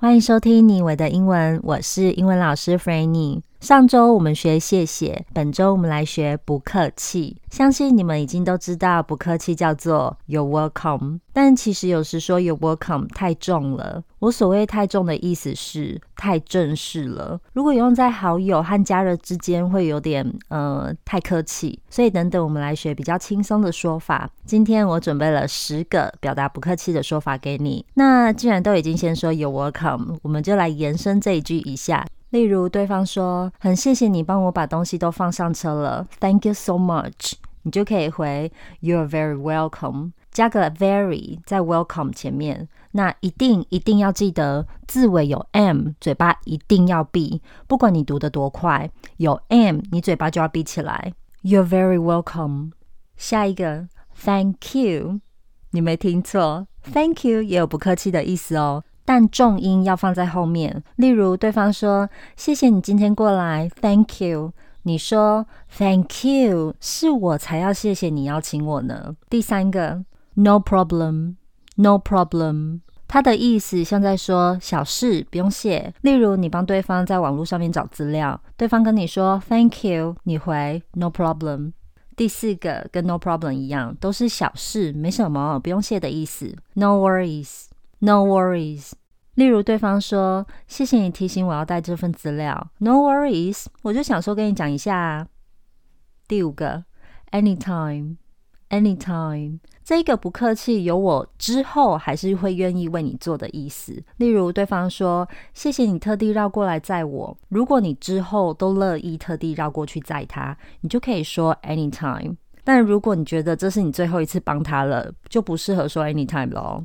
歡迎收聽《你我的英文》，我是英文老師 Frannie。上週我們學謝謝，本週我們來學不客氣。相信你們已經都知道不客氣叫做 you're welcome，但其實有時說 you're welcome 太重了。我所謂太重的意思是太正式了，如果用在好友和家人之間會有點呃，太客氣。所以等等我們來學比較輕鬆的說法。今天我準備了十個表達不客氣的說法給你。那既然都已經先說 you're welcome，我們就來延伸這一句一下。例如對方說：“很謝謝你幫我把東西都放上車了，Thank you so much。”你就可以回 “You are very welcome”，加個 “very” 在 “welcome” 前面。那一定一定要記得字尾有 “m”，嘴巴一定要閉。不管你讀得多快，有 “m”，你嘴巴就要閉起來。“You are very welcome。”下一個 “Thank you”，你沒聽錯，“Thank you” 也有不客氣的意思哦。但重音要放在後面，例如對方說“謝謝你今天過來 ”，Thank you，你說 “Thank you”，是我才要謝謝你邀請我呢。第三個 “No problem”，No problem，它 no problem 的意思像在說小事不用謝。例如你幫對方在網絡上面找資料，對方跟你說 “Thank you”，你回 “No problem”。第四個跟 “No problem” 一樣，都是小事沒什麼不用謝的意思。No worries。No worries。例如，對方說：“謝謝你提醒我要帶這份資料。” No worries，我就想說跟你講一下啊。第五個，Anytime，Anytime，anytime. 這個不客氣，有我之後還是會願意為你做的意思。例如，對方說：“謝謝你特地繞過來載我。”如果你之後都樂意特地繞過去載他，你就可以說 Anytime。但如果你覺得這是你最後一次幫他了，就不適合說 Anytime 嘍。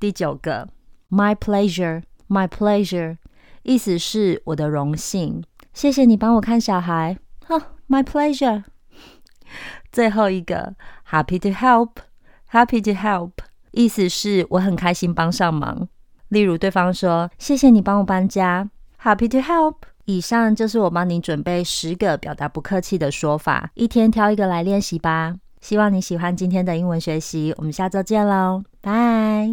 第九個，My pleasure，My pleasure，意思是我的榮幸。謝謝你幫我看小孩，哈，huh，My pleasure。最後一個，Happy to help，Happy to help，意思是我很開心幫上忙。例如對方說，謝謝你幫我搬家，Happy to help。以上就是我幫你準備十個表達不客氣的說法，一天挑一個來練習吧。希望你喜歡今天的英文學習，我們下週見嘍，拜。